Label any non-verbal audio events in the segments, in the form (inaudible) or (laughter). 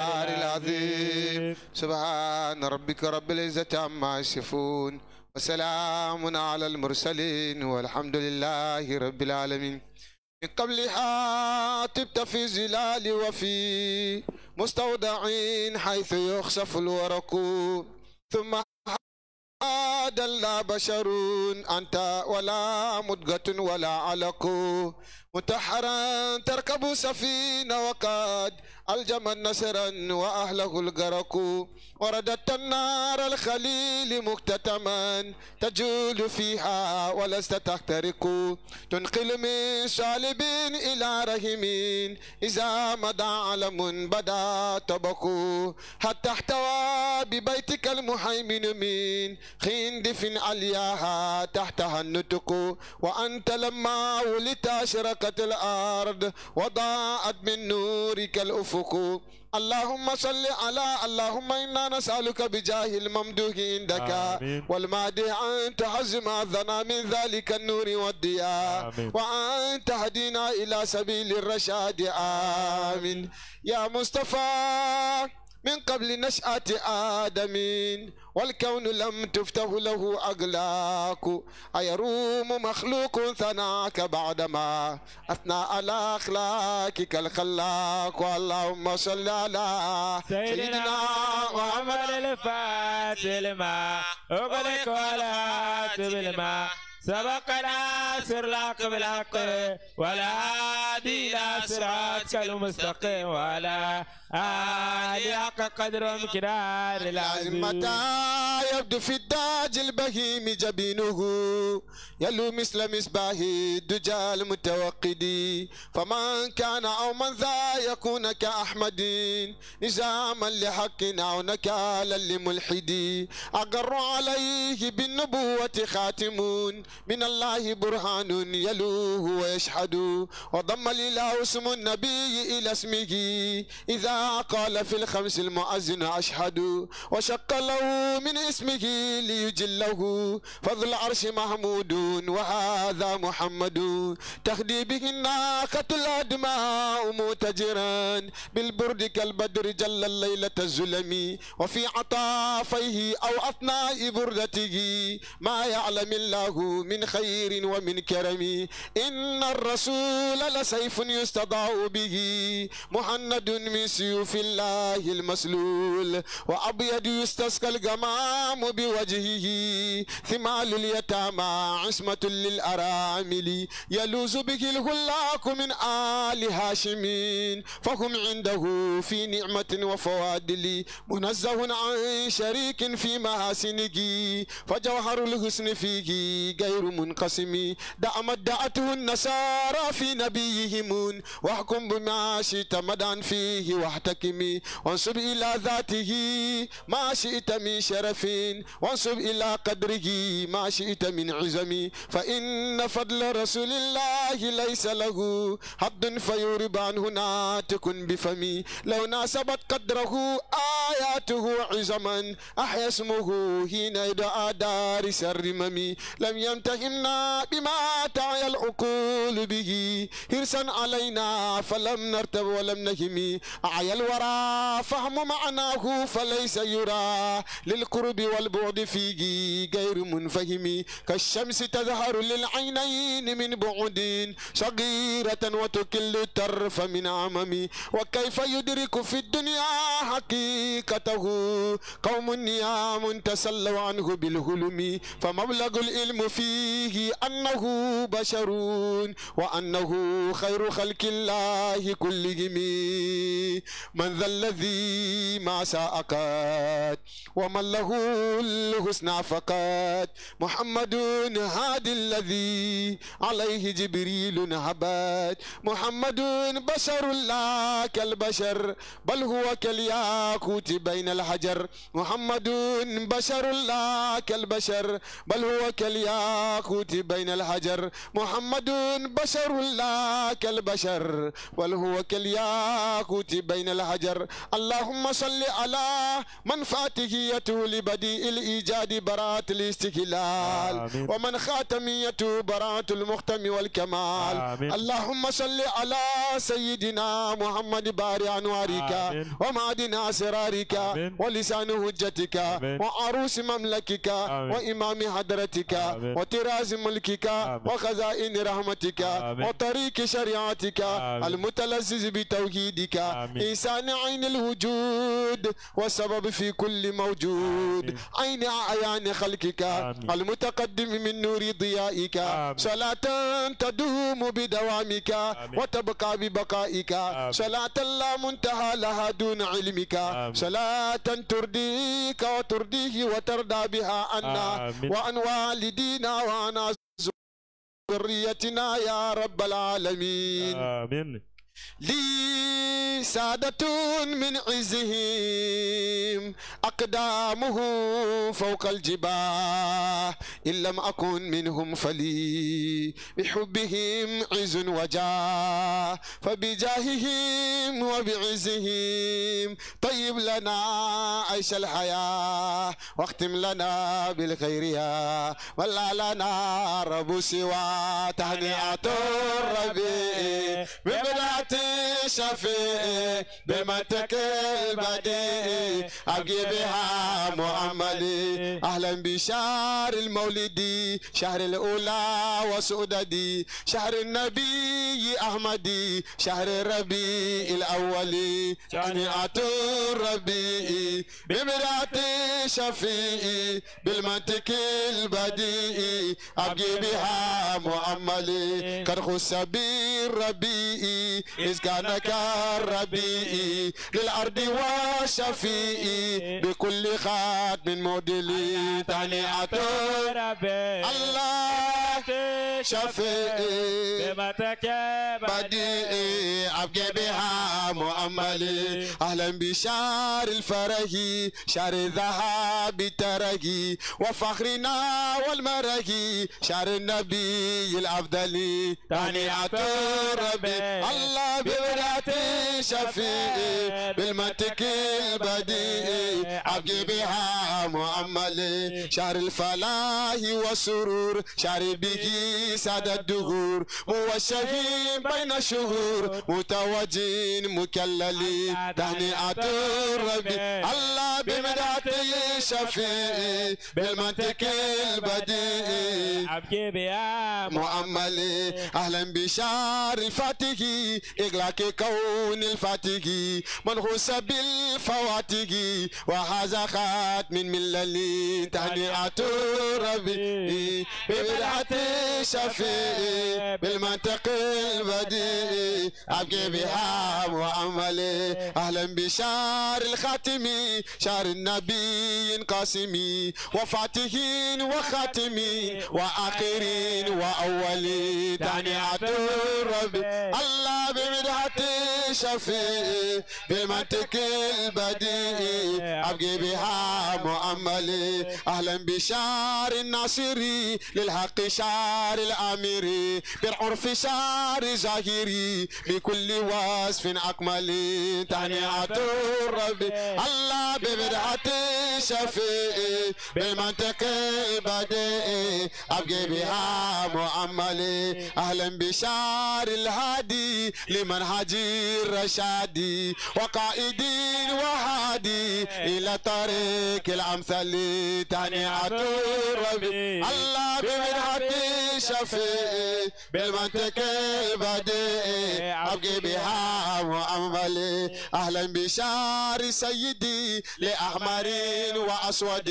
العظيم سبحان ربك رب العزة عما يصفون وسلام على المرسلين والحمد لله رب العالمين من قبل حاطبت في زلال وفي مستودعين حيث يخسف الورق ثم عاد لا بشر أنت ولا مدقة ولا علق متحرا تركب سفينة وقد ألجم نسرا وأهله الغرق وردت النار الخليل مكتتما تجول فيها ولست تحترق تنقل من صالب إلى رحم إذا مدى علم بدا طبق حتى احتوى ببيتك المهيمن من خندف عليها تحتها النتق وأنت لما ولدت أشرق وانشقت الأرض وضاءت من نورك الأفق اللهم صل على اللهم إنا نسألك بجاه الممدوح عندك والمهدي أن تحزم أذنا من ذلك النور والضياء وأن تهدينا إلى سبيل الرشاد آمين يا مصطفى من قبل نشأة آدم والكون لم تفته له أغلاك أيروم مخلوق ثناك بعدما أثنى على أخلاقك الخلاق اللهم صل على سيدنا محمد الفاتح لما أغلق ولا بالما سبقنا سر لا قبل ولا دينا إلى المستقيم ولا عالي قدر ومقدار العظيم متى يبدو في الداج البهيم جبينه يلو مثل مصباح الدجال المتوقد فمن كان او من ذا يكون كاحمد نزاما لحق او نكالا لملحد اقر عليه بالنبوه خاتم من الله برهان يلوه ويشهد وضم لله اسم النبي الى اسمه اذا قال في الخمس المؤذن أشهد وشق له من اسمه ليجله فضل عرش محمود وهذا محمد تخدي به الناقة الأدماء متجرا بالبرد كالبدر جل الليلة الزلمي وفي عطافيه أو أثناء بردته ما يعلم الله من خير ومن كرم إن الرسول لسيف يستضاء به مهند من سيوف الولي في الله المسلول وأبيض يستسقى الغمام بوجهه ثمال اليتامى عصمة للأرامل يلوز به الهلاك من آل هاشمين فهم عنده في نعمة وفوادل منزه عن شريك في محاسنه فجوهر الحسن فيه غير منقسم دعم دعته النصارى في نبيهم واحكم بما شئت مدان فيه وحده فاحتكمي وانصب إلى ذاته ما شئت من شرف وانصب إلى قدره ما شئت من عزمي فإن فضل رسول الله ليس له حد فيورب عنه هنا بفمي لو ناسبت قدره آياته عزما أحيا اسمه حين يدعى دار سر ممي لم يمتهنا بما تعي العقول به هرسا علينا فلم نرتب ولم نهمي أعيا الورى فهم معناه فليس يرى للقرب والبعد فيه غير منفهم كالشمس تظهر للعينين من بعد صغيرة وتكل الترف من عمم وكيف يدرك في الدنيا حقيقته قوم نيام تسلوا عنه بالهلم فمبلغ العلم فيه أنه بشر وأنه خير خلق الله كلهم من ذا الذي ما ساءقت ومن له الحسنى فقد محمد هادي الذي عليه جبريل هبت محمد بشر لا كالبشر بل هو كالياقوت بين الحجر محمد بشر لا كالبشر بل هو كالياقوت بين الحجر محمد بشر لا كالبشر بل هو كالياقوت بين الحجر اللهم صل على من فاتحيته لبديء الإيجاد براءة الاستقلال ومن خاتميته براءة المختم والكمال آمين. اللهم صل على سيدنا محمد بارع أنوارك ومعدن أسرارك ولسان حجتك وعروس مملكك وإمام حضرتك وطراز ملكك وخزائن رحمتك وطريق شريعتك المتلزز بتوحيدك لسان عين الوجود وسبب في كل موجود عين أعيان خلقك المتقدم من نور ضيائك صلاة تدوم بدوامك وتبقى ببقائك صلاة لا منتهى لها دون علمك صلاة ترديك وترديه وترضى بها أنا وأن والدينا وأنا ذريتنا يا رب العالمين آمين لي سادة من عزهم أقدامه فوق الجباه إن لم أكن منهم فلي بحبهم عز وجاه فبجاههم وبعزهم طيب لنا عيش الحياة واختم لنا بالخير يا ولا لنا رب سوى تهنئة الربيع ببلاد أجيبها أهلا بشهر المولدي شهر الأولى وسؤددي شهر النبي أحمدي شهر الربيع الأولي شنيعة الربيع بمرأة شفيع بالمنطق البديع أجيبها مؤملي كرخ السبيل ربيعي إذ كانك للأرض وشفيع بكل خاتم مودلي تانية الله شفيع بمتك بديع أبقى بها مؤملي أهلا بشار الفرح شار الذهب ترقي وفخرنا والمرقي شار النبي الأفضل تانية ربي الله الله ببنات بالمتك البديع عبد بها مؤمل شار الفلاح والسرور شهر به سعد الدهور موشهين بين الشهور متوجين مكللين تهنئة الربي الله ببنات شفيع بالمنطق البديع عبقي بها مؤمل اهلا بشارفته إغلاق كون الفاتح من خص بالفواتح وهذا خات من ملل تهنئة ربي ببدعة شفيق بالمنطق البديع أبكي بها وأملي أهلا بشار الخاتمي شار النبي قاسمي وفاتحين وخاتمي وآخرين وأولين تهنئة ربي الله পৃথিবীর হাতে شفيعي بمنطق البديع أبقي بها مؤملي أهلا بشار الناصري للحق شار الأميري بالعرف شار زاهري بكل وصف أكملي تهنئة الرب الله ببدعة شفيعي بالمنطق بديع أبقي بها مؤملي أهلا بشار الهادي لمنهجي الرشادي وقائدي وهادي إيه. إلى طريق الأمثل تهنئة الربيع الله بمنحتي شفيق بالمنطق البديع إيه، أبقي بها مؤملي إيه. أهلا بشار سيدي لأحمر وأسود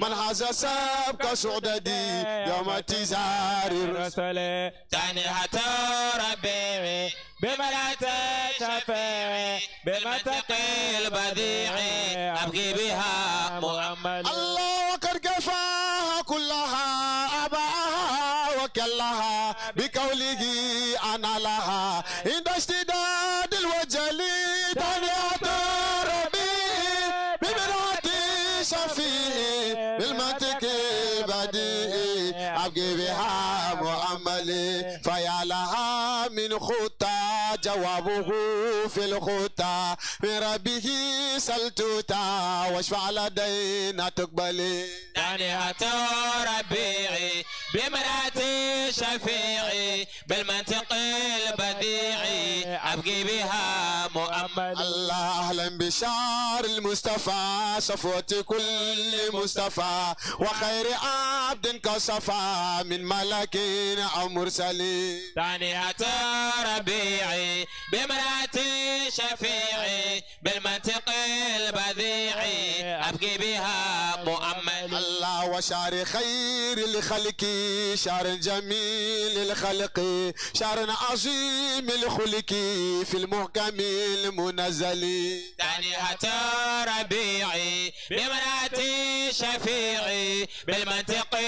من هذا سبق سعددي يوم تزار الرسل تهنئة ربيعي بما لا تشفع بما تقي البديع أبقي بها محمد الله ثوابه في الخطى من ربه سلتوتا واشفع لدينا تقبلي داني يعني ربيعي بمرأتي شفيعي بالمنطق البديعي أبقي بها مؤمل الله أهلا بشعر المصطفى صفوة كل مصطفى وخير عبد كصفى من ملك أو مرسلين ثاني ربيعي بمرأتي شفيعي بالمنطق البديعي أبقي بها مؤمل الله وشعر خير لخلقي شعر جميل الخلق شعر عظيم الخلق في المحكم المنزل تانية ربيعي بمناتي شفيعي بالمنطق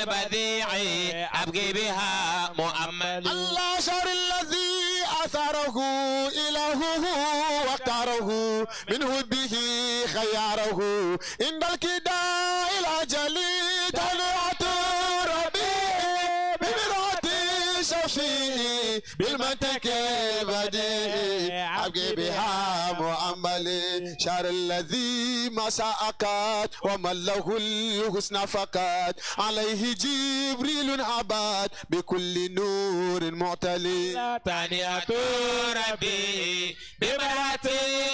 البديعي أبقي بها مؤمل الله شر الذي أثره إلهه واختاره منه به خياره إن الكدار شر الذي ما ساقات ومن له الحسن فقط عليه جبريل عباد بكل نور معتلي تانية ربي بمرات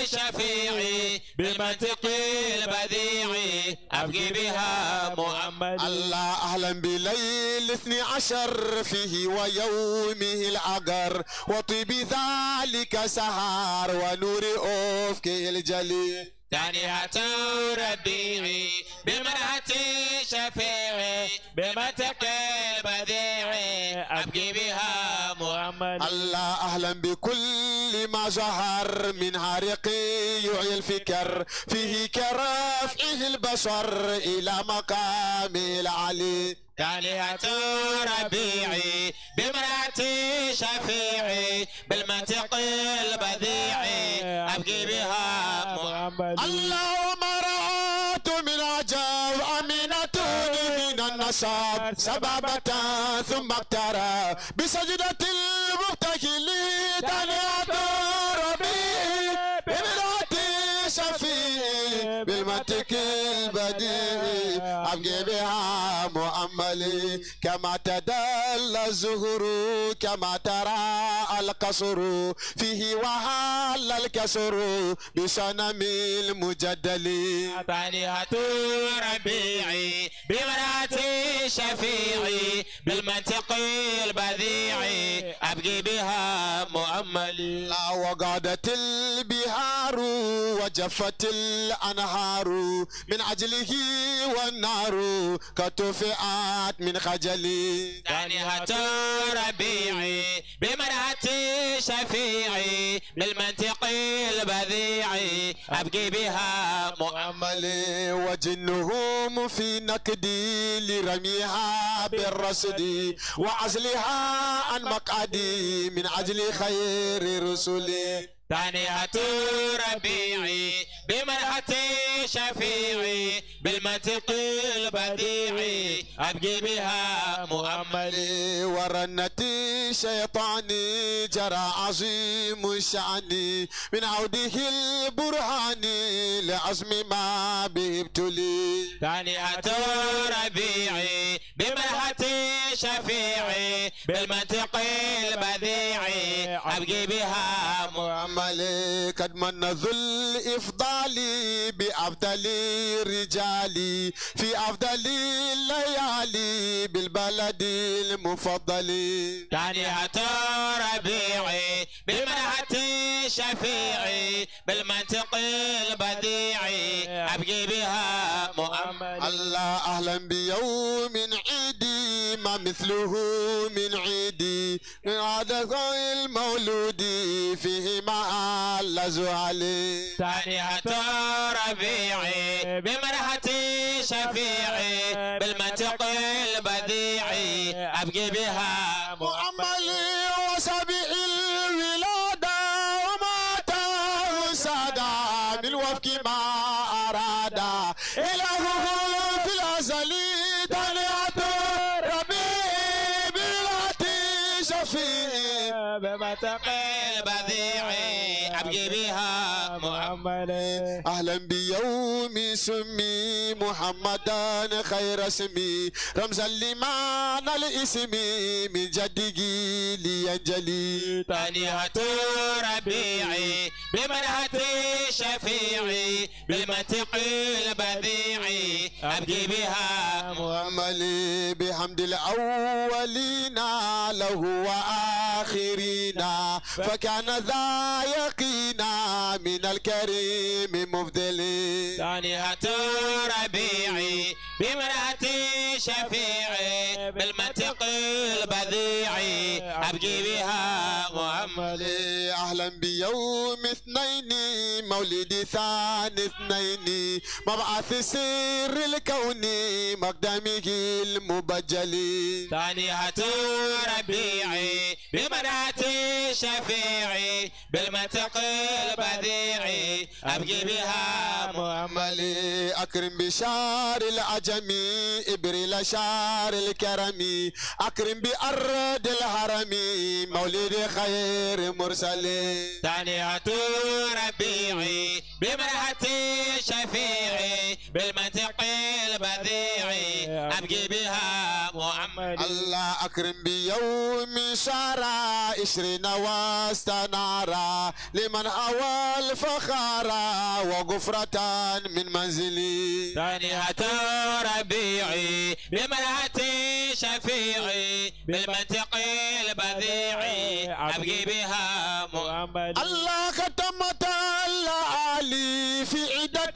شفيعي بمنطق البديعي أبقي بها محمد الله أهلا بليل اثني عشر فيه ويومه العقر وطيب ذلك سهار ونور أفكه الجليل لي تانية ربيعي بمرأتي شفيعي بمتك البديعي أبكي بها محمد الله أهلا بكل ما جهر من عرقي الفكر فيه كرفعه البشر إلى مقام العلي تالية ربيعي بمرأتي شفيعي بالمتق البذيعي أبقي بها اللهم رأت من عجاب أمينة من النصاب سبابة ثم ابترى بسجدة المبتكل تالية بها مؤملي كما تدل الزهر كما ترى القصر فيه وهل الكسر بصنم المجدل طالحة ربيعي بمراتي شفيعي بالمنطق البذيعي أبقي بها مؤملي لا وقعدت البهار وجفت الأنهار من أجله والنار البحر كتفئت من خجلي دانية ربيعي بمنعة شفيعي بالمنطق البذيعي أبقي بها مؤملي وجنهم في نكدي لرميها بالرصد وعزلها عن مقعدي من عجل خير رسلي هاتو ربيعي بمنحتي شفيعي بالمنطق البديعي أبقي بها مؤملي ورنتي شيطاني جرى عظيم شعني من عوده البرهاني لعزم ما به ابتلي أتى ربيعي بمنحتي شفيعي بالمنطق البديعي أبقي بها مؤملي قد من ذل إفضالي بأفضل رجالي في أفضل الليالي بالبلد المفضل تاني ربيعي بالمنهة شفيعي بالمنطق البديعي أبقي بها مؤمن الله أهلا بيوم عيدي ما مثله من عيدي من هذا المولود فيه ما الزعلي تانية ربيعي بمرحة شفيعي بالمنطق البديعي أبقي بها مؤملي أهلا بيوم سمي محمدا خير اسمي رمزا لمعنى الاسم من جده لينجلي تانية ربيعي بمنهة شفيعي بالمنطق البديعي أبكي بها مؤملي بحمد الأولين له وآخرين فكان ذا يقينا من الكريم مبدلي ثانية ربيعي بمنعتي شفيعي بالمنطق البذيعي أبجي بها محمد أهلا بيوم اثنيني مولدي ثاني اثنيني مبعث سر الكون مقدمه المبجل ثانية ربيعي بمنعتي شفيعي بالمنطق البذيعي أبجي بها محمد أكرم بشار العجل العجمي إبريل شعر الكرمي أكرم بأرض الحرمي مولد خير مرسلين تانية ربيعي بمرحة شفيعي بالمنطق البديعي أبقي بها محمد الله أكرم بيوم شارع عشرين واستنارا لمن أوى فخارا وغفرة من منزلي ثانية ربيعي بمنهة شفيعي بالمنطق البديعي أبقي بها محمد الله ختمت الله علي في عدة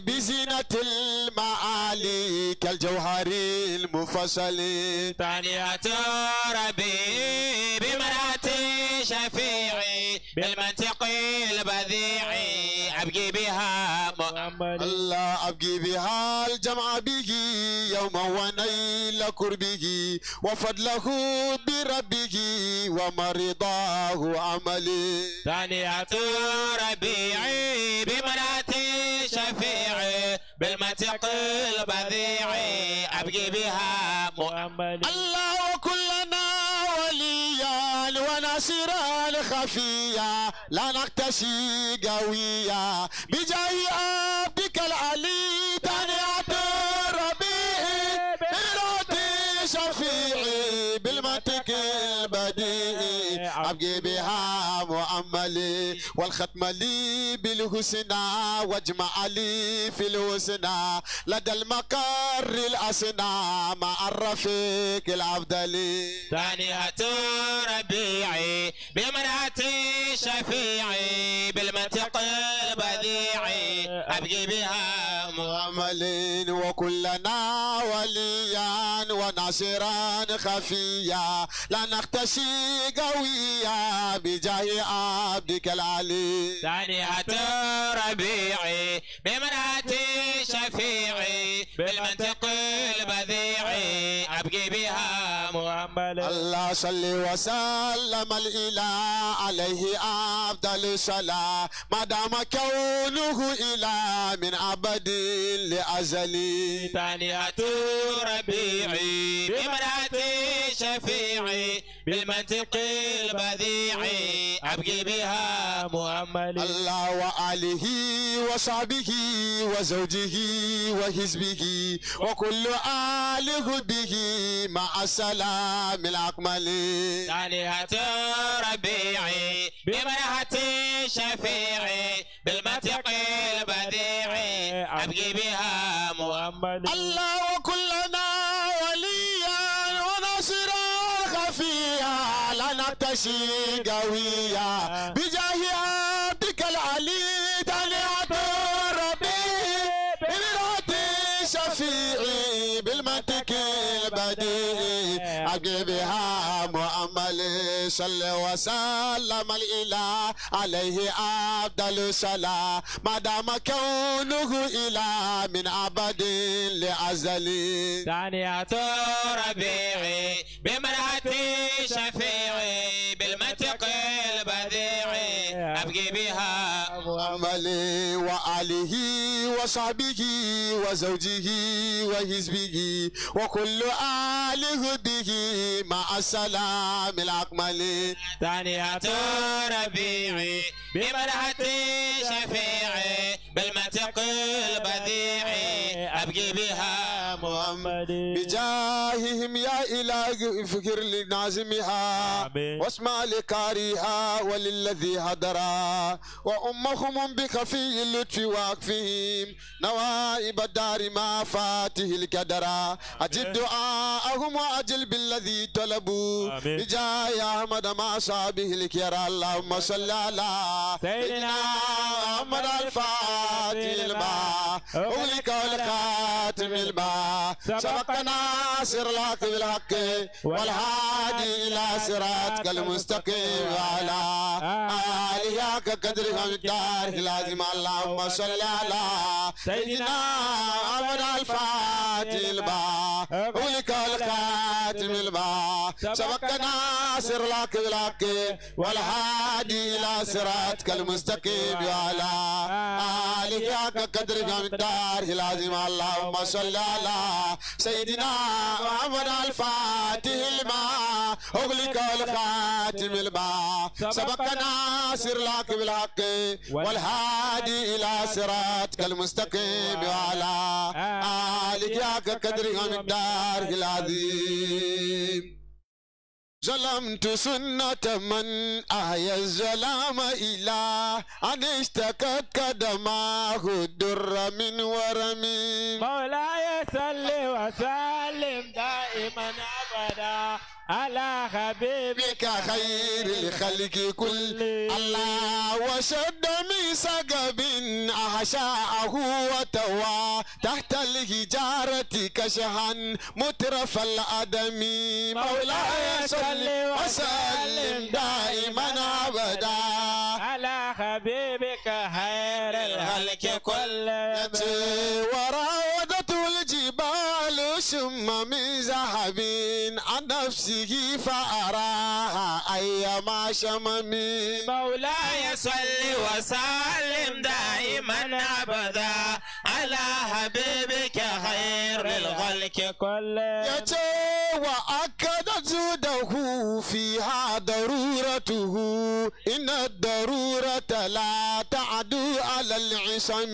بزينة المعالي كالجوهر المفصل تانية ربي بمرأة شفيعي بالمنطق البذيعي أبقي بها محمد الله أبقي بها الجمع به يوم ونيل كربه وفضله بربه ومرضاه عملي ثانية ربيع بالمتق البذيع أبقي بها محمد الله كلنا وليا وناصرا خفيا لا نقتشي قويا بجاه أبقي والختم لي بالحسنى واجمع لي في الحسنى لدى المقر الأسنى مع الرفيق الأفضل تانية ربيعي بمنعة شفيعي بالمنطق البديعي أبقي بها مؤملين وكلنا وليا ناصرا خفيا لا نختشي قويا بجاه عبدك العلي ثانية ربيعي بمنعتي شفيعي بالمنطق البذيع أبقي بها محمد الله صل وسلم الإله عليه أفضل الصلاه ما دام كونه إله من أبد لأزلي تانية ربيعي بمرأة شفيعي بالمنطق البديع أبقي بها مؤملي الله وآله وصحبه وزوجه وحزبه وكل آل حبه مع السلام الأكمل صالحة ربيعي بمنحة شفيعي بالمنطق البديع أبقي بها مؤملي الله وكلنا ماشي قوية آه. بجاه عبدك العلي دلعة ربي بمرعة شفيعي بالمتك البديعي أجيبها مؤمل صلى وسلم الإله عليه أفضل صلاة ما دام كونه إله من أبد لأزل ثانية ربيعي بمرأة شفيعي وعمله وآله وصحبه وزوجه وحزبه وكل آله به مع السلام الأكمل تانية ربيعي بمنحة شفيعي بالمنحة عشق البديعي أبقي بها محمد بجاههم يا اله فكر لنازمها واسمع لكاريها وللذي هدرا وأمهم بخفي اللطف واقفهم نوائب الدار ما فاته الكدرا أجد دعاءهم وأجل بالذي طلبوا بجاه أحمد ما صابه الكرا اللهم صل على سيدنا محمد الفاتح الماء أغلق الخاتم الماء سبق ناصر لك بالحق والهادي إلى صراطك المستقيم وعلى آله آه. كقدر ومقداره آه. لازم اللهم آه. صل على سيدنا أمر الفاتح الماء أغلق الخاتم الملبا سبقنا سرلاك بلاك والهادي الى صراطك المستقيم وعلى آله حق قدرك ومقداره لازم اللهم صل على سيدنا محمد الفاتح لما أغلق والخاتم الما سبقنا سرلاك بلاك والهادي الى صراطك المستقيم وعلى آله حق قدرك ومقداره لازم Zalam tu sunnata man aya zalama ila anista kadama hudurra min warami Maulaya da imana abada على حبيبك خير الخلق كل الله وشد ميثاق بن أحشاءه وتوا تحت الهجارة كشحا مترف الأدم مولاي صل وسلم دائما أبدا على حبيبك خير الخلق كل وراودته الجبال شم من ذهب نفسه فأراها أيما شمم مولاي صل وسلم دائما أبدا على حبيبك خير الخلق كله وأكد زوده فيها ضرورته إن الضرورة لا تعد على العشم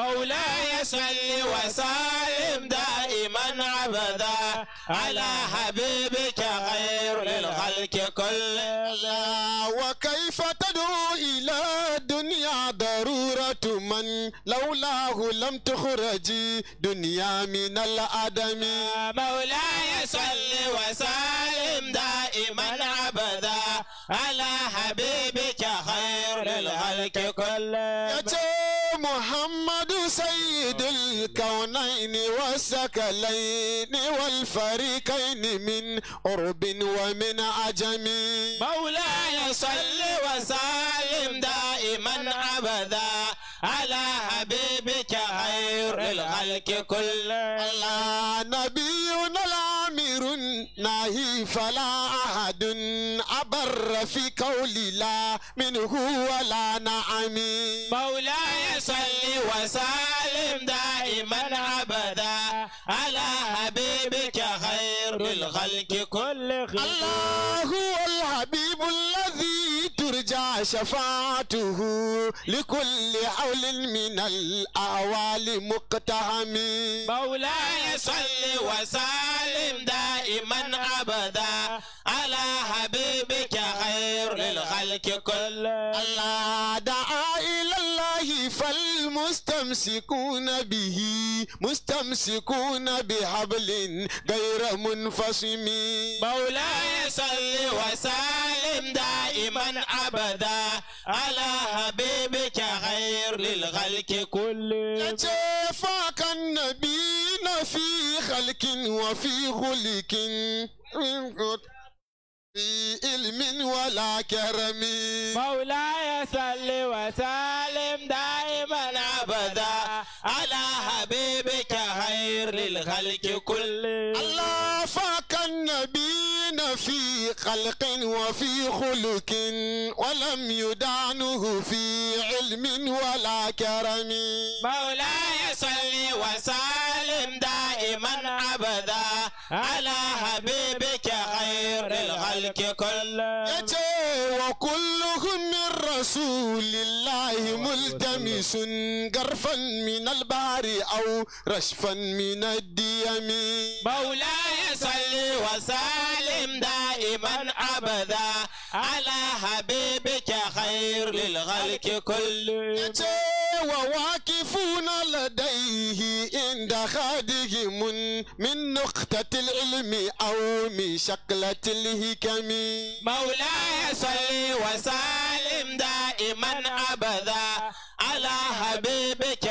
مولاي صل وسلم دائما ابدا على حبيبك خير للخلق كلها وكيف تدعو الى الدنيا ضروره من لولاه لم تخرج دنيا من الادم مولاي صل وسلم دائما ابدا على حبيبك خير الخلق كله يا محمد سيد الكونين والسكلين والفريقين من قرب ومن عجم مولاي صل وسلم دائما ابدا على حبيبك خير الخلق كله الله نبينا العامر ناهي فلا احد في قولي لا هو ولا نعم مولاي صل وسلم دائما أبدا على حبيبك خير الخلق كل خير الله هو الحبيب الذي ترجى شفاعته لكل حول من الأعوال مقتهم مولاي صل وسلم دائما أبدا على حبيبك الخلق كل الله دعا إلى الله فالمستمسكون به مستمسكون بحبل غير منفصم مولاي صل وسلم دائما أبدا على حبيبك خير للخلق كل يتفاك النبي في خلق وفي خلق علم ولا كرم مولاي صل وسلم دائما ابدا على حبيبك خير للخلق كل الله فاك النبي في خلق وفي خلق ولم يدانه في علم ولا كرم مولاي صل وسلم دائما ابدا على حبيبك للخلق كل يتي وكلهم من رسول الله أيوة، أيوة، ملتمس قرفا من البحر أو رشفا من الديم مولاي صل وسلم دائما أبدا على حبيبك خير للخلق كل يتي وواقفون لديه عند خادهم من نقطة العلم أو من شكلة الهكم مولاي صل وسلم دائما أبدا على حبيبك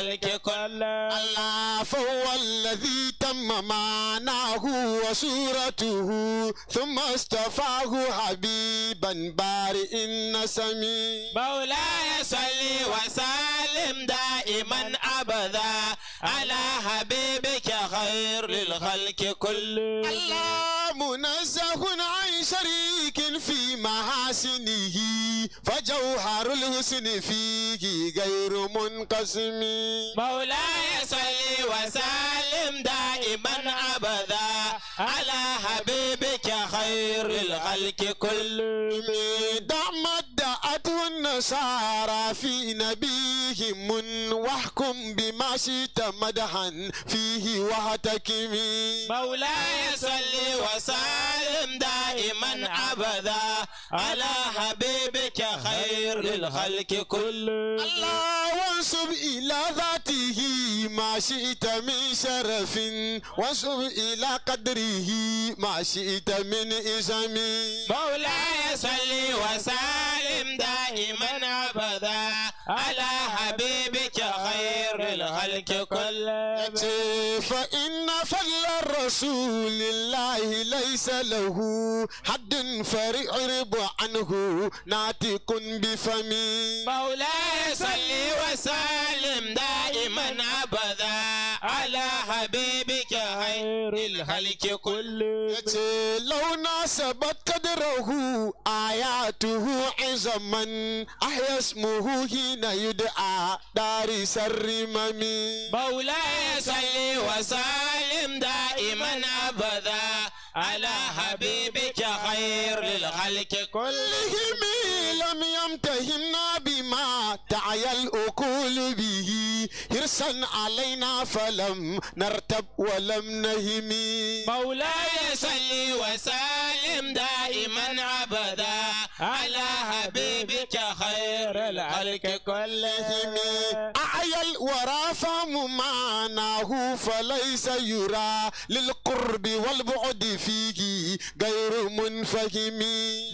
alke Allah fawwa alladhi tamma ma'anahu wa suratuhu thumma astafahu habiban bari inna sami Maula ya salli wa salim da'iman abada ala habibika khairul khalqi kulli Allah منزه عن شريك في محاسنه فجوهر الحسن فيه غير منقسم مولاي صل وسلم دائما ابدا على حبيبك خير الخلق كل دعم الدعاء النصارى في نبيهم واحكم بما شئت مدحا فيه واحتكم مولاي صل وسلم دائما ابدا على حبيبك خير للخلق كل الله وانصب الى ذاته ما شئت من شرف وانصب الى قدره ما شئت من اسم مولاي صل وسلم دائما من عبدا على حبيبك خير الخلق كله فإن فل الرسول الله ليس له حد فرعرب عنه ناتق بفمي مولاي صلي وسلم دائما أبدا على حبيبك خير الخلق كله لو ناسبت قدره آياته عظما أحيا اسمه هنا يدعى دار سر ممي مولاي صلي وسلم دائما أبدا على حبيبك خير للخلق كلهم لم يمتهن به سعي الأكل به هرسا علينا فلم نرتب ولم نهمي مولاي صلي وسالم دائما عبداً على حبيبك خير الخلق كلهم أعيا الورى معناه فليس يرى للقرب والبعد فيه غير منفهم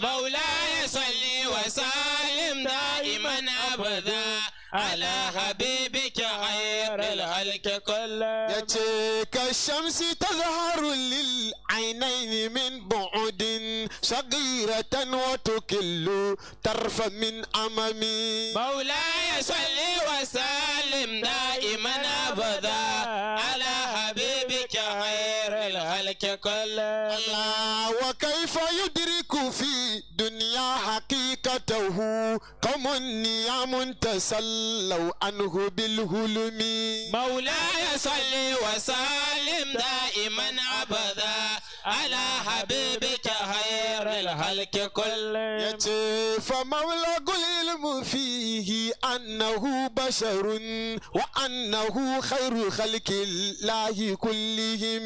مولاي صلي وسلم دائما أبدا على حبيبك غير الخلق كله تشيك الشمس تظهر للعينين من بعد صغيرة وتكل ترفا من أمامي مولاي صلي وسلم دائما أبدا على حبيبك خير الخلق كله الله وكيف يدرك في دنيا حقيقته قوم نيام تسلوا عنه بالهلم مولاي صل وسلم دائما أبدا على حبيبك خير الخلق كلهم يتي قل العلم فيه أنه بشر وأنه خير خلق الله كلهم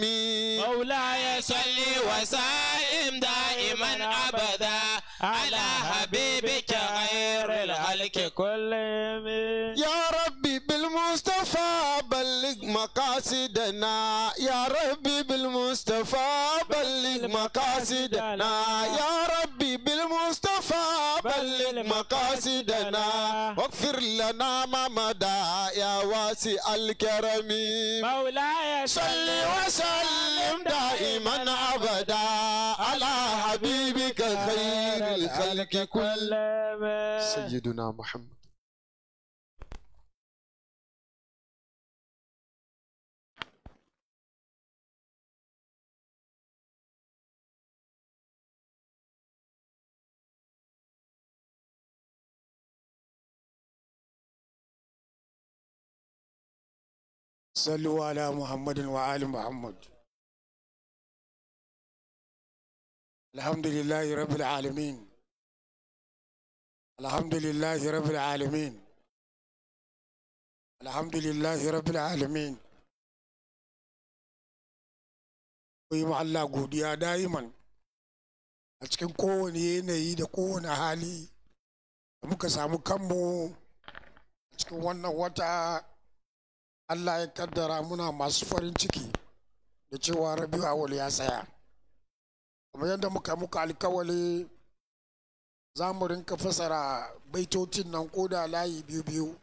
مولاي صلي وسلم دائما أبدا على حبيبك غير الهلك كلهم يا ربي بالمصطفى بلغ مقاصدنا يا ربي بالمصطفى بلغ مقاصدنا يا ربي مقاصدنا واغفر لنا ما مدى يا واسع الكرم مولاي صل وسلم دائما ابدا على حبيبك خير الخلق كلهم سيدنا محمد صلوا على محمد وآل محمد الحمد لله رب العالمين الحمد لله رب العالمين الحمد لله رب العالمين yi ma Allah godiya da'iman a cikin kowane yanayi da kowane hali da muka samu kanmu a cikin wannan wata Allah ya kaddara muna masu farin ciki da cewa Rabiu Awal ya tsaya. Kamar yadda muka muka alkawali za mu rinka fasara baitocin nan ko da layi biyu biyu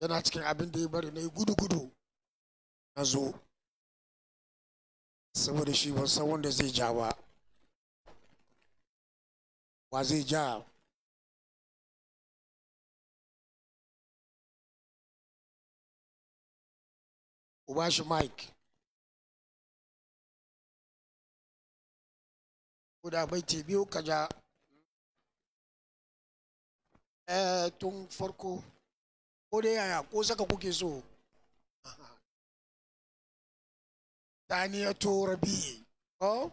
yana cikin abin da ya bari na yi gudu gudu na zo. Saboda shi ban san wanda zai ja ba. Wa zai ja uba shi mike guda baiti biyu ka ja Eh tun farko ko dai yaya ko saka kuke so daniyatu rabi'i ko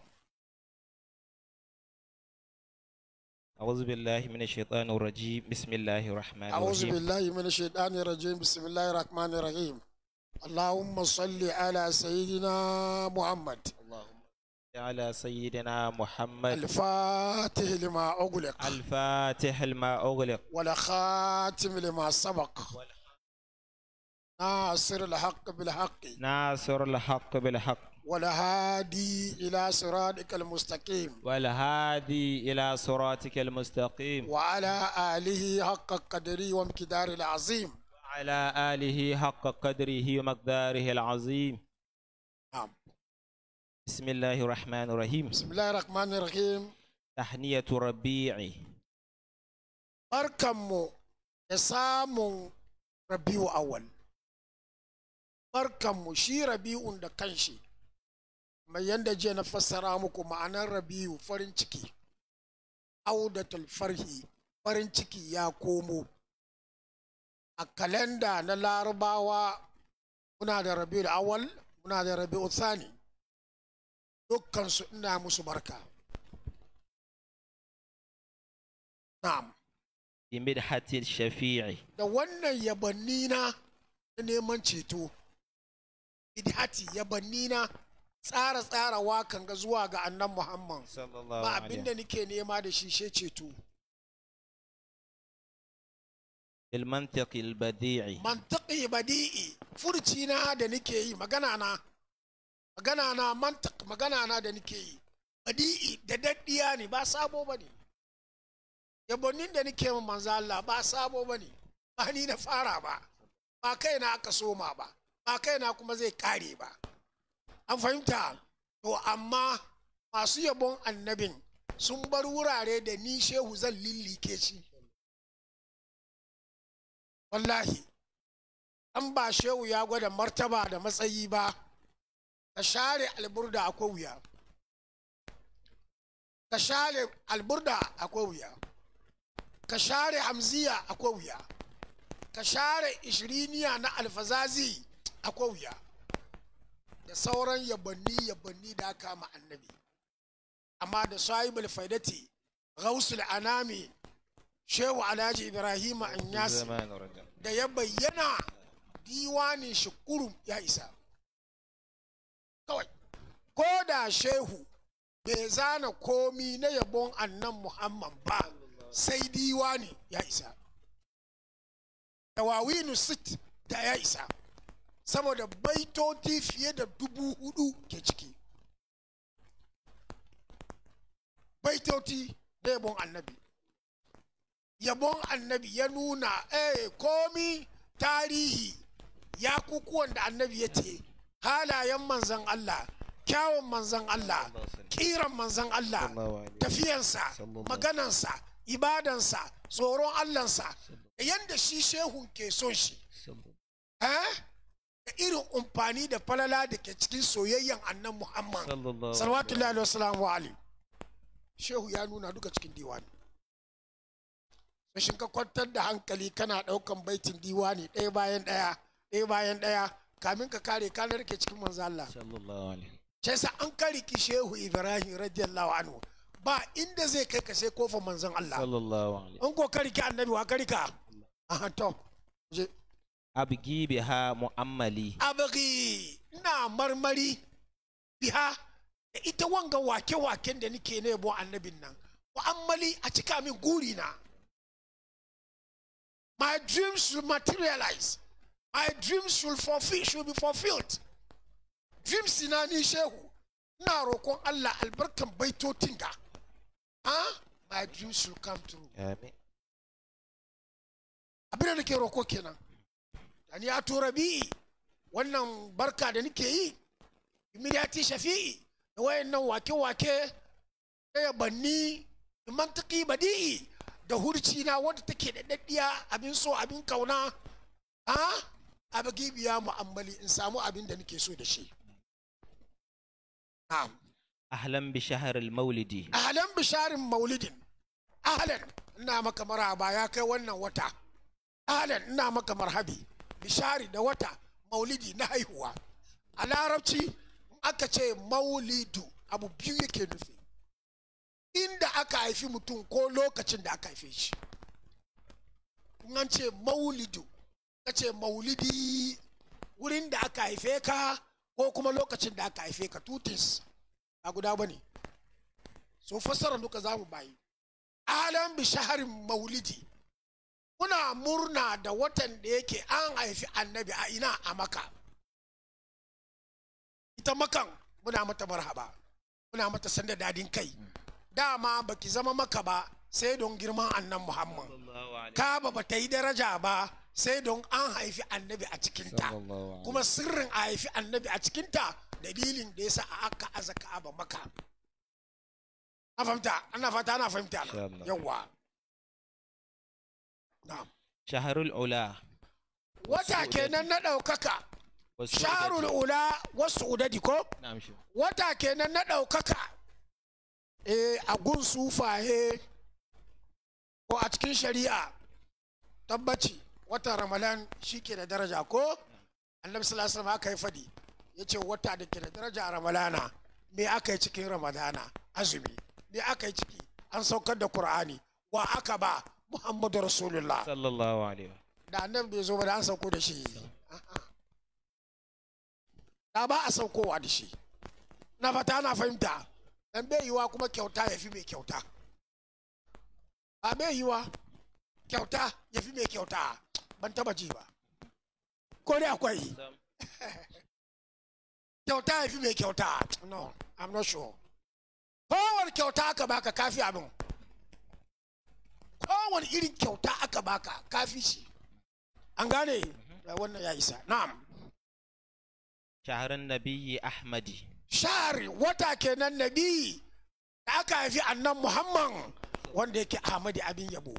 أعوذ بالله من الشيطان الرجيم بسم الله الرحمن الرحيم أعوذ بالله من الشيطان الرجيم بسم الله الرحمن الرحيم اللهم صل على سيدنا محمد اللهم على سيدنا محمد الفاتح لما أغلق الفاتح لما أغلق والخاتم لما سبق ناصر الحق بالحق ناصر الحق بالحق والهادي إلى صراطك المستقيم والهادي إلى صراطك المستقيم وعلى آله حق قدري ومقدار العظيم على آله حق قدره ومقداره العظيم نعم بسم الله الرحمن الرحيم بسم الله الرحمن الرحيم تحنية ربيع بركم إسام ربيع أول بركم شي ربيع دا كانشي ما يندى جينا فسرامكم معنى ربيع فرنشكي أودة الفرحي فرنشكي يا كومو a kalenda na larabawa muna da rabiul awal muna da rabiul thani dukkansu ina musu barka na'am bimid hatil shafi'i da wannan yabanni na neman ceto idhati yabanni na tsara tsara kan ga zuwa ga annan muhammad ba abinda nike nema da shi she ceto ilmantaƙil badi'i mantaƙi badi'i furci da nike yi magana na magana magana na da nike yi da daddiya ne ba sabo ba ne yabonin da nike min manzo ba sabo ba ne ba ni na fara ba ba kaina aka soma ba ba kaina kuma zai kare ba an fahimta to amma masu yabon annabin sun bar wurare da ni shehu zan lillike shi wallahi an ba shehu ya gwada martaba da matsayi ba ka share alburda akwai wuya ka share alburda akwai wuya ka share hamziya a wuya ka share ishiriniya na alfazazi a wuya da sauran yabanni yabanni da aka ma annabi amma da sahibul faidati ghausul anami shehu alhaji ibrahim Anyasi da ya bayyana diwanin shi kurum ya isa kawai ko da shehu bai zana komi na yabon annan muhammad ba sai diwani ya isa dawawinu sit da ya isa saboda baitoti fiye da dubu hudu ke ciki baitoti da yabon annabi yabon annabi ya nuna eh komi tarihi ya kukuwan da annabi ya ce halayen manzan Allah kyawun manzan Allah kiran manzan Allah tafiyansa maganansa ibadansa tsoron Allahnsa da yadda shi shehun ke son shi eh? da irin umfani da falala da ke cikin soyayyen annan Muhammad sallallahu alaihi shehu ya nuna duka cikin diwani sai ka kwantar da hankali kana ɗaukan baitin diwani ɗaya bayan ɗaya ɗaya bayan ɗaya kamin ka kare ka narke cikin manzo Allah sallallahu alaihi sai sa an kariki shehu Ibrahim radiyallahu anhu ba inda zai kai ka sai kofar manzan Allah sallallahu alaihi an ko kariki annabi wa karika aha to je abgi biha mu'ammali abgi ina marmari biha ita wanga wake-waken da nike ne bo annabin nan mu'ammali a cika min guri na My dreams should materialize. My dreams should fulfill, should be fulfilled. Dreams ina ni shehu. Ina roƙon Allah albarkan baitotin ga. ah My dreams should come true. Amen. Abin da ke roko kenan. Dani ya tura bi Wannan barka da nake yi. Imidiyati Shafi'i. Da wayannan wake-wake. Da yabanni. Mantiki badi'i. da hurci na wanda take da daddiya abin so abin kauna a abagi biya mu'ammali in samu abin da nake so da shi na'am ahlan bi shahr al maulidi ahlan bi shahr maulidin ahlan ina maka maraba ya kai wannan wata ahlan ina maka marhabi bishari da wata maulidi na haihuwa a larabci aka ce maulidu abu biyu yake nufi inda aka haifi mutum ko lokacin da aka haife shi an ce maulidu ka ce maulidi wurin da aka haife ka ko kuma lokacin da aka haife ka tutis a guda bane so fassara duka za mu bayi alam bi shaharin maulidi muna murna da watan da yake an haifi annabi a ina a maka ita makan muna mata marhaba muna mata sanda dadin kai dama baki zama maka ba sai don girman annan muhammad kaba ba ta yi daraja ba sai don an haifi annabi a cikinta kuma sirrin a haifi annabi a cikinta dalilin da yasa a aka aza ka'aba maka ana fahimta ana fata ana fahimta yawa shaharul ula wata kenan na ɗaukaka shaharul ula wasu udadi ko wata kenan na ɗaukaka eh a gun sufaye ko a cikin shari'a tabbaci wata ramadan shi ke da daraja ko annabi sallallahu alaihi aka yi fadi ya ce wata da ke da daraja a ramadana me aka yi cikin ramadana azumi me aka yi ciki an saukar da qur'ani wa aka ba muhammadu rasulullah sallallahu alaihi da annabi bai zo ba da an sauko da shi da ba a saukowa da shi na fata na fahimta dan bai yiwa kuma kyauta ya fi mai kyauta ba bai yiwa kyauta ya fi mai kyauta ban taba ji ba ko dai akwai (laughs) kyauta ya fi mai kyauta no i'm not sure kowar kyauta aka baka kafi abin kowar irin kyauta aka baka kafi shi an gane mhm. wannan ya isa na'am shaharar nabiyyi ahmadi shahari wata kenan nabi da aka haifi annan muhammad wanda yake ahmadi abin yabo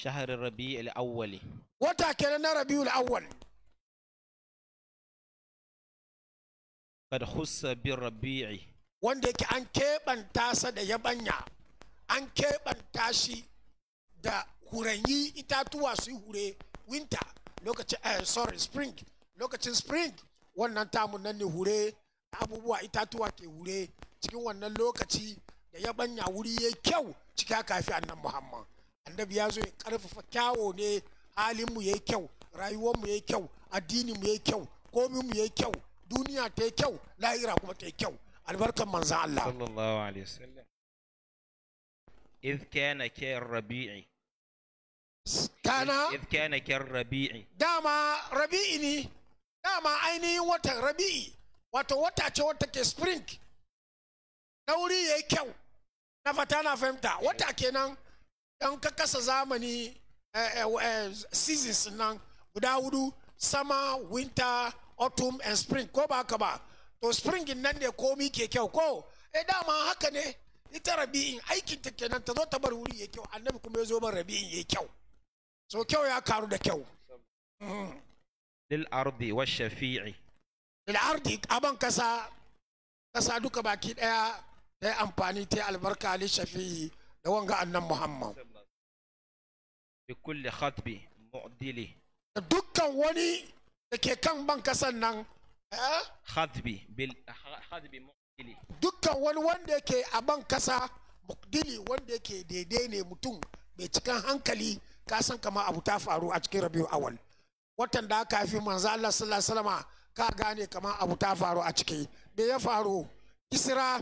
شهر الربيع الأول وتا كان ربيع الأول husa bin rabi'i wanda yake an keɓanta sa da yabanya an keɓanta shi da huranyi itatuwa su hure winter lokacin uh, sorry spring lokacin spring wannan tamun nan ne hure abubuwa itatuwa ke hure cikin wannan lokaci da ya banya wuri ya kyau ciki haka fi annan muhammad annabi ya zo ya karfafa kyawo ne halinmu ya kyau rayuwarmu ya kyau addininmu ya kyau kominmu ya kyau duniya ta yi kyau lahira kuma ta yi kyau albarkan manzan Allah sallallahu alaihi wasallam kana rabi'i kana rabi'i dama rabi'i ne dama ainihin watan rabi'i wato wata ce wata ke spring na wuri ya yi kyau na fata na fahimta wata kenan don ka kasa zamani eh, eh, eh, seasons nan guda hudu sama winter autumn and spring ko ba haka ba to spring nan ne komi ke kyau ko eh dama haka ne ita rabi'in aikin ta kenan ta zo ta bar wuri ya kyau annabi kuma ya zo bar rabi'in ya kyau so kyau ya karu da kyau mm-hmm. lil ardi wa shafi'i lil ardi aban kasa kasa duka baki ɗaya ta amfani ta albarka li shafi'i da wanga annan muhammad bi kulli khatbi mu'dili dukkan wani da ke kan ban kasan nan khatbi bil khatbi mu'dili dukkan wani wanda ke a ban kasa mu'dili wanda ke daidai ne mutum mai cikin hankali ka san kama abu ta faru a cikin rabiu awal watan da aka haifi manzo Allah sallallahu alaihi wasallam ka gane kamar abu ta faru a ciki me ya faru kisra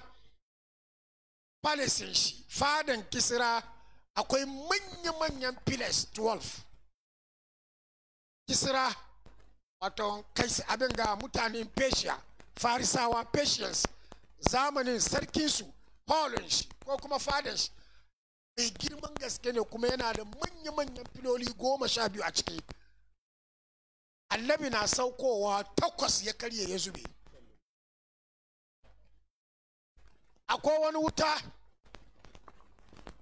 palace shi fadan kisra akwai manya-manyan pillars 12 kisra wato kai abin ga mutanen persia farisawa persians zamanin sarkinsu paulin shi ko kuma fadan shi mai girman gaske ne kuma yana da manya-manyan filoli goma sha biyu a ciki annabi na saukowa takwas ya karye ya zube akwai wani wuta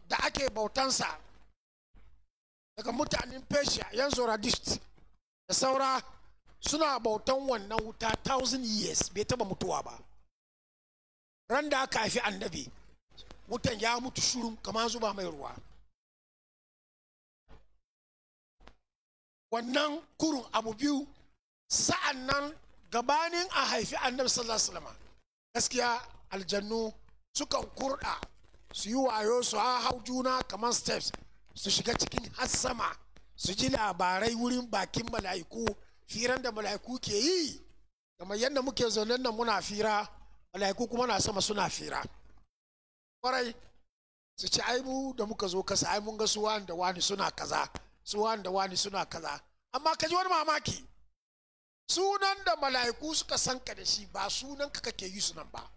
da ake bautansa daga mutanen persia yanzu radist da saura suna bautan wannan wuta thousand years bai taba mutuwa ba ran da aka haifi annabi wutan ya mutu shuru kama zuba mai ruwa wannan kurun abu biyu sa'an nan gabanin a haifi annabi sallallahu alaihi wasallam gaskiya aljannu sukan kurɗa su yi wayo su hau juna kamar steps su shiga cikin hassama su ji labarai wurin bakin mala'iku firan da mala'iku ke yi kamar yadda muke zaune nan muna fira mala'iku kuma na sama suna fira kwarai su ci aibu da muka zo kasa ai mun ga su da wani suna kaza su da wani suna kaza amma ka ji wani mamaki sunan da mala'iku suka sanka da shi ba sunan ka kake yi sunan ba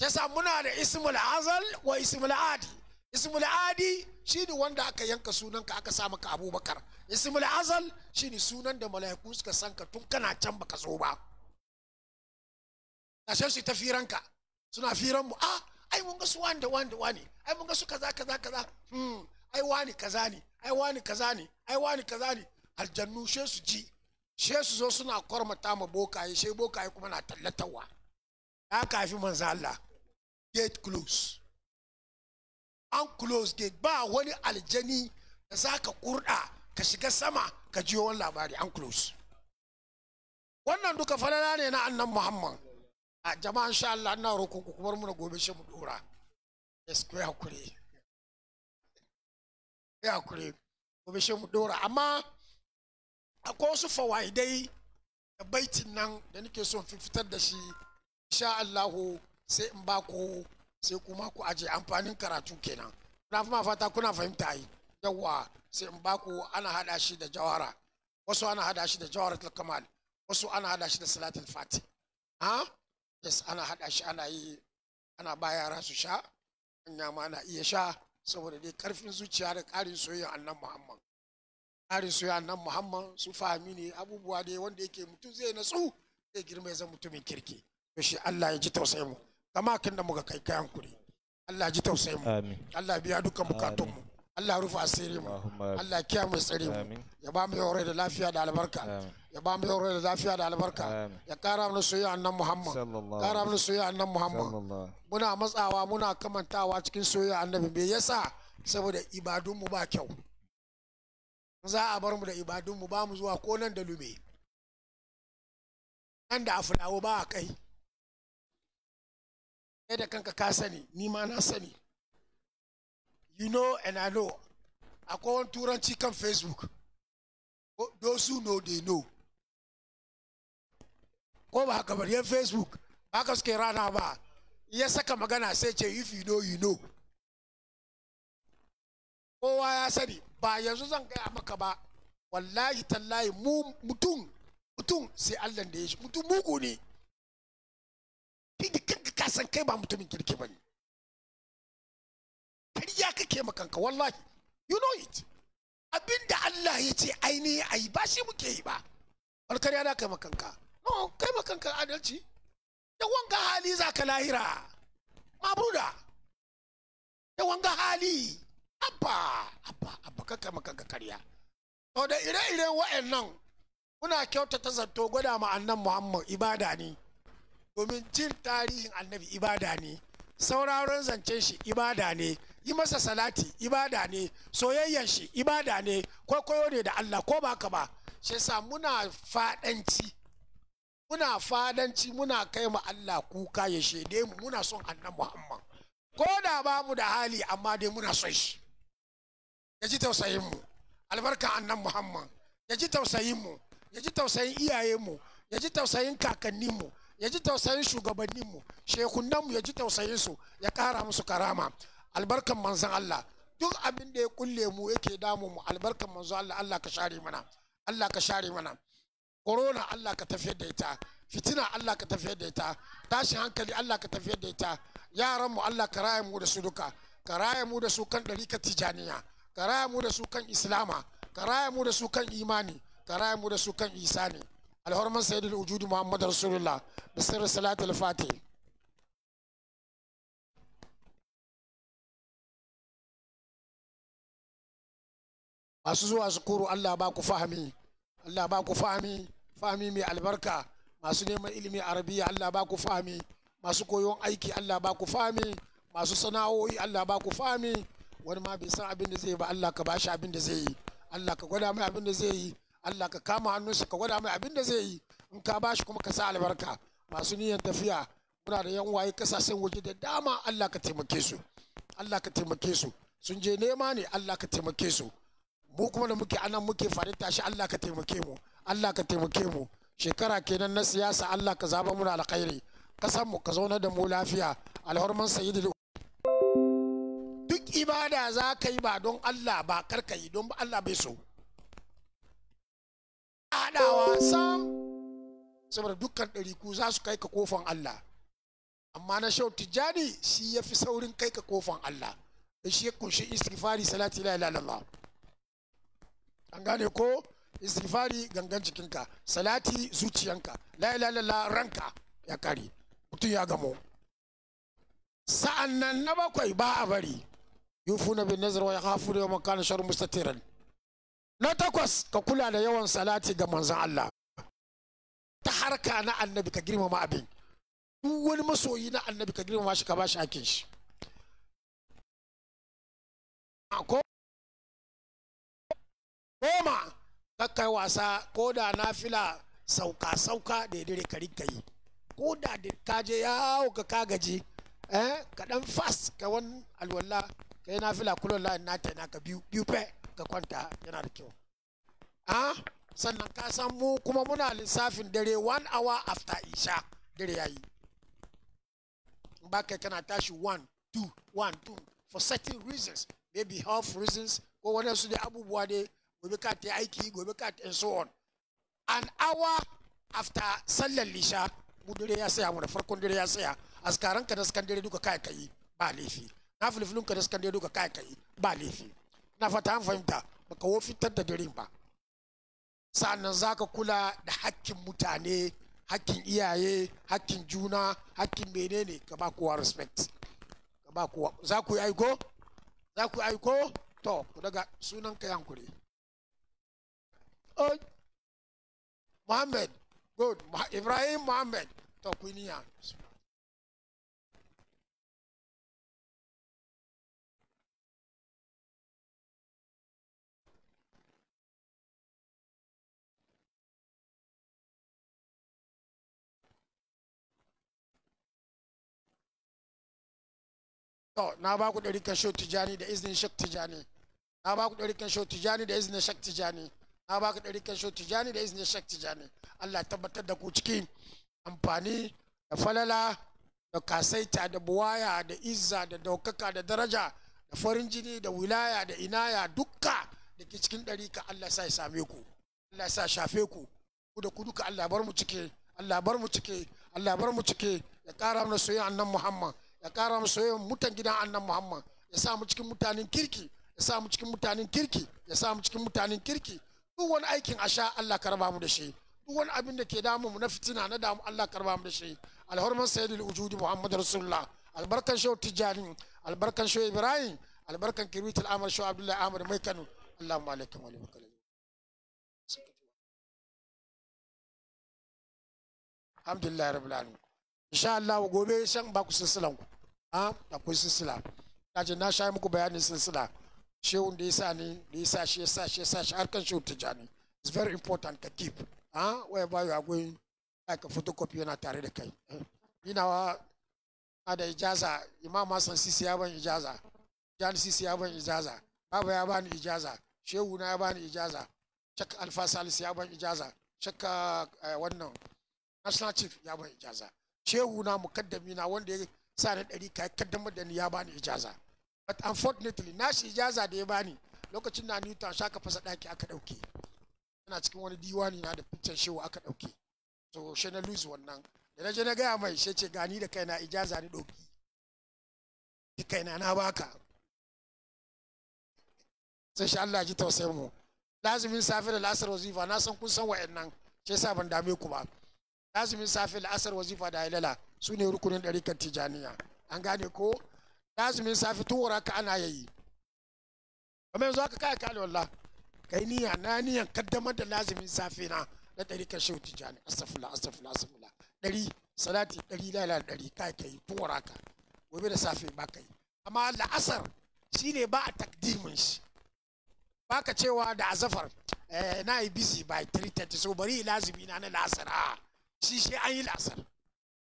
yasa muna da ismul azal wa ismul adi ismul adi shine wanda aka yanka sunan ka aka sa maka abubakar ismul azal shine sunan da mala'iku suka sanka tun kana can baka zo ba ashe su ta firanka suna firan mu ah ai mun ga su wanda wanda wani ai mun ga su kaza kaza kaza hmm ai wani kaza ne ai wani kaza ne ai wani kaza ne aljannu she su ji she su zo suna kwarmata ma bokaye she bokaye kuma na tallatawa ya kafi manzo Allah gate close an close gate ba wani aljani da za ka kurda ka shiga sama ka ji wani labari an close wannan duka falala ne na annan muhammad a jama'a insha Allah ina roƙon ku kuma mu gobe shi mu dora square hakuri ya hakuri gobe shi mu dora amma akwai wasu dai da baitin nan da nake son fitar da shi insha Allahu sai in ba ku sai kuma ku aje amfanin karatu kenan na kuma fata kuna fahimta yi yawa sai in ba ku ana hada shi da jawara wasu ana hada shi da jawaratul kamal wasu ana hada shi da salatul fati ha yes ana hada shi ana yi ana ba yara su sha manya ma ana iya sha saboda dai karfin zuciya da ƙarin soyayya annan muhammad harin su nan muhammad su fahimi ne abubuwa ne wanda yake mutum zai natsu zai girma ya zama mutumin kirki to shi Allah ya ji tausayin mu kama kan da muka kai kayan kuri Allah ya ji tausayin mu Allah biya dukkan bukatun mu Allah rufe asiri mu Allah kiya mu tsare mu ya ba mu yore da lafiya da albarka ya ba mu yore da lafiya da albarka ya kara mana soyayya annan Muhammad kara mana soyayya annan Muhammad muna matsawa muna kamantawa cikin soyayya annabi me yasa saboda ibadun mu ba kyau za a bar mu da ibadunmu ba mu zuwa ko nan da lume nan da afulawo ba a kai sai da kanka ka sani ni ma na sani you know and i know akwai wani turanci kan facebook those who know they know ko ba haka bar yan facebook ba haka suke rana ba ya saka magana sai ce if you know you know kowa ya sani ba yanzu zan gaya maka ba wallahi tallahi mutum mutum sai Allah da ya shi mutum mugu ne kirki ka san kai ba mutumin kirki ba ne ya kake makanka wallahi you know it abinda Allah ya ce ainihi yi ba shi muke yi ba barkar na kai makanka no kai makanka adalci da wanga hali za ka lahira mabuda da wanga hali abba abba abba kaka makanka karya to da ire-iren wa'annan muna kyautata zato gwada ma annan muhammad ibada ne domin jin tarihin annabi ibada ne sauraron zancen shi ibada ne yi masa salati ibada ne soyayyar shi ibada ne kwaikwayo ne da allah ko baka ba shi sa muna fadanci muna fadanci muna kai ma allah kuka ya shaide mu muna son annan muhammad ko da babu da hali amma dai muna son shi ya ji tausayin mu albarka annan muhammad ya ji tausayin mu ya ji tausayin iyayen mu ya ji tausayin kakannin mu ya ji tausayin shugabannin mu shekunan mu ya ji tausayin su ya kara musu karama albarkan manzon Allah duk abin da ya kulle mu yake damu mu albarkan manzon Allah Allah ka share mana Allah ka share mana corona Allah ka tafiyar da ita fitina Allah ka tafiyar da ita tashin hankali Allah ka tafiyar da ita yaran mu Allah ka raya mu da su duka ka raya mu da su kan ɗari ka tijaniya ka raya mu da su kan islama ka raya mu da su kan imani ka raya mu da su kan isani alhorman sayyidul ujudu muhammad rasulullah da sirri salatul fati. masu zuwa su koro Allah ba ku fahimi Allah ba ku fahimi fahimi mai albarka masu neman ilimi arabiya Allah ba ku fahami masu koyon aiki Allah ba ku fahimi masu sana'o'i Allah ba ku fahami wani ma bai san abin da zai ba Allah ka bashi abin da zai yi Allah ka gwada mai abin da zai yi Allah ka kama hannunsa ka gwada mai abin da zai yi in ka bashi kuma ka sa albarka masu niyyar tafiya muna da yan waye kasashen waje da dama Allah ka taimake su Allah ka taimake su sun je nema ne Allah ka taimake su mu kuma da muke anan muke farin tashi Allah ka taimake mu Allah ka taimake mu shekara kenan na siyasa Allah ka zaba mu da alkhairi kasan mu ka zauna da mu lafiya alhorman sayyidul ibada za ka yi ba don Allah ba karka yi don Allah bai so Adawa sam saboda dukkan ɗariku za su kai ka kofan Allah amma na shau tijjani shi ya fi saurin kai ka kofan Allah da shi ya kunshi istighfari salati la ilaha illallah an gane ko istighfari gangan jikinka salati zuciyanka la ilaha illallah ranka ya kare mutum ya gamo sa'an nan na bakwai ba a bari yufuna bin nazar wa yakhafuna yawman kana sharrun mustatiran na takwas ka kula da yawan salati ga manzon Allah ta harka na annabi ka girmama abin duk wani masoyi na annabi ka girmama shi ka bashi hakin shi goma kai wasa ko da na sauka sauka da ya dire ka rinka yi ko da ka je yawo ka kagaji eh ka dan fast ka wani alwala kai na fila kulon layin nata ka biyu biyu ka kwanta yana da kyau a sannan ka san mu kuma muna lissafin dare one hour after isha dare yayi in ba kai kana tashi one two one two for certain reasons maybe health reasons ko wani su dai abubuwa dai gobe ka ta aiki gobe ka ta and so on an hour after sallar lisha mu dare ya saya mu da farkon dare ya saya askaranka da sakan dare duka kai kai ba laifi na filifilin ka da suka daidai ka kai kai ba laifi na fata an fahimta baka wofitar da dare ba sa'annan za ka kula da hakkin mutane hakkin iyaye hakkin juna hakkin menene ka ba kowa respect ka ba kowa za ku yi aiko za ku yi aiko to ku daga sunan ka yankure oh muhammad good ibrahim muhammad to ku yi to na ba ku kan shoti jani da izinin shak tijani na ba ku kan shoti jani da izinin shak tijani na ba ku kan shoti jani da izinin shak tijani Allah tabbatar da ku cikin amfani da falala da kasaita da buwaya da izza da daukaka da daraja da farin jini da wilaya da inaya dukka da ke cikin ɗari ka Allah sa ya same ku Allah sa shafe ku ku da ku duka Allah bar mu cike Allah bar mu cike Allah bar mu cike ya ƙara mana soyayya annan Muhammad ya kara mu soyayya mutan gidan annan muhammad ya sa mu cikin mutanen kirki ya sa mu cikin mutanen kirki ya sa mu cikin mutanen kirki duk wani aikin asha Allah ka raba mu da shi duk wani abin da ke damu mu na fitina na damu Allah ka raba mu da shi alhurman sayyidul ujudi muhammad rasulullah albarkan shehu tijani albarkan shehu ibrahim albarkan kirwitul amr shehu abdullahi ahmad mai kano allahumma alaikum wa alaikum alhamdulillah rabbil alamin insha Allah gobe san ba ku silsilan ku a akwai silsila na na sha muku bayanin silsila shehun da ya sa ni da ya sa shi ya sa shi ya sa shi har kan shehun tijani it's very important ka keep a waya ba ya agoyin aika photocopy yana tare da kai ina wa na da ijaza imam hassan sisi ya ban ijaza jan sisi ya ban ijaza baba ya bani ijaza shehu na ya bani ijaza shakka alfa salis ya ban ijaza shakka eh, wannan national chief ya ban ijaza shehu na mukaddami na wanda ya sa na ɗari ka kaddamar da ni ya bani ijaza but unfortunately na shi ijaza da ya bani lokacin na newton shaka fasa ɗaki aka ɗauke yana cikin wani diwani na da fitan shewa aka ɗauke so shi na lose wannan da na je na gaya mai shai ce gani da kaina ijaza ni ɗauki ki kaina na baka sai shi Allah ji tausayin mu lazumin safe da lasar wazifa na san kun san wa'annan shi yasa ban dame ku ba lazumin safe da asar wazifa da halala su ne rukunin ɗarikan tijaniya an gane ko lazumin safi tun waraka ana yayi kuma yanzu haka kai kale wallah kai niyya na niyan kaddamar da lazumin safi na na ɗarikan shehu tijani astagfirullah astagfirullah astagfirullah ɗari salati ɗari lala ɗari kai kai tun waraka gobe da safe ba kai amma la'asar shine ba a takdimin shi baka cewa da azafar eh, na yi busy by 3:30 so bari lazumi na na la'asar ah, shi shi an yi la'asar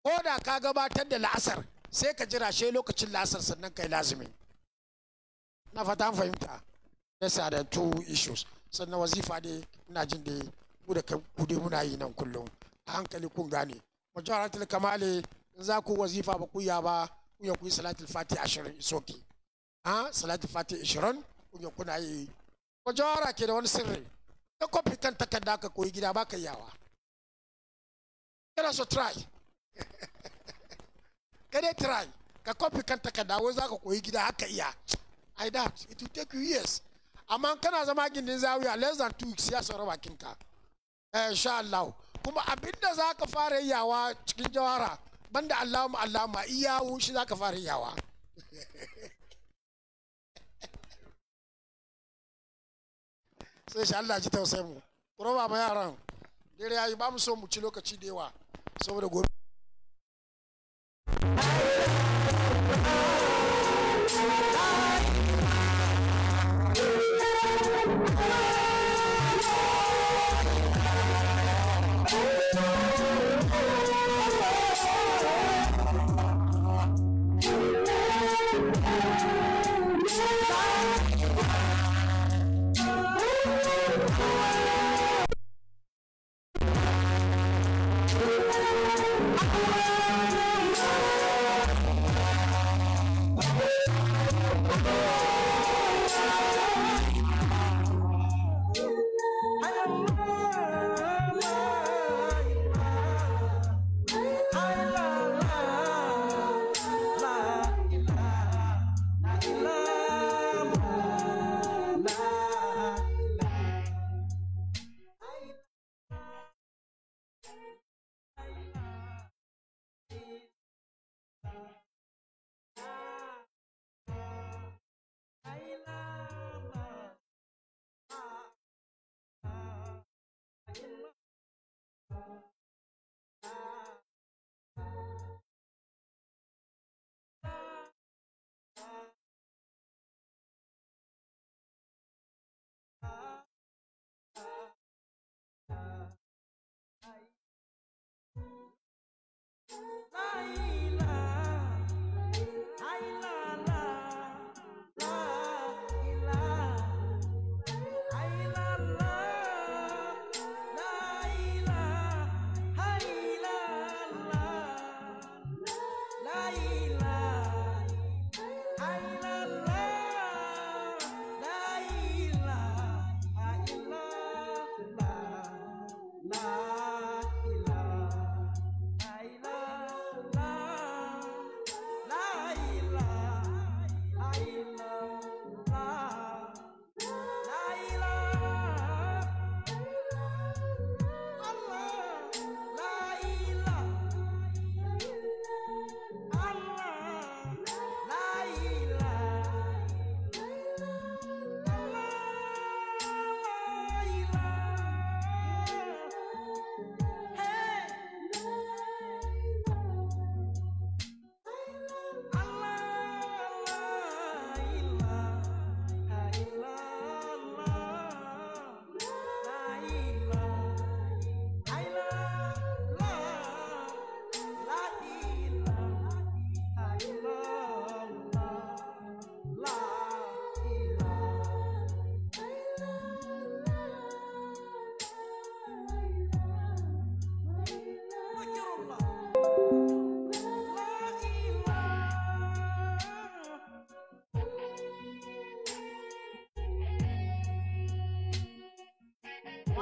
ko da ka gabatar da la'asar sai ka jira shi lokacin la'asar sannan kai lazumi na fata fahimta na sa da two issues sannan wazifa dai ina jin da mu da ku dai muna yi nan kullum a hankali kun gane majaratul kamale in za ku wazifa ba ku ya ba ku ya ku yi salatul fati 20 isoki ha salatul fati 20 ku ya kuna yi majara ke da wani sirri ka kofi kan takarda ka koyi gida ba ka yawa kana so try Can (laughs) I try ka copy kan ka dawo za ka koyi gida haka iya i doubt it will take you years amma kana zama gindin zawiya less than two weeks ya saura bakin ka Eh insha Allah kuma abinda za ka fara yawa cikin jawara banda Allah mu Allahumma Allahumma iyawu shi za ka fara yawa (laughs) sai insha Allah ji tausayin mu. Kuro ba yaran, dare yayi ba mu so mu ci lokaci da yawa saboda gobe. Hey! Bye.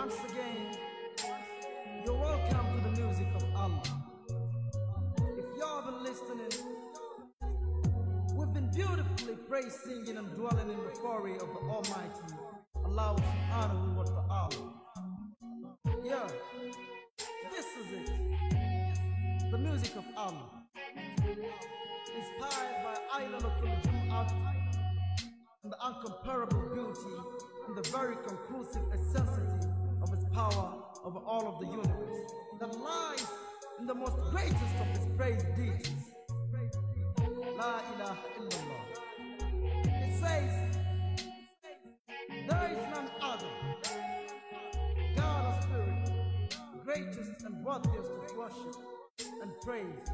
once again, you're welcome to the music of Allah. If y'all been listening, we've been beautifully praising and dwelling in the glory of the Almighty, Allah subhanahu wa ta'ala. minds.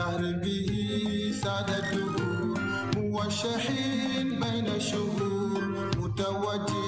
شربه سادته هو الشحين بين الشهور متوجه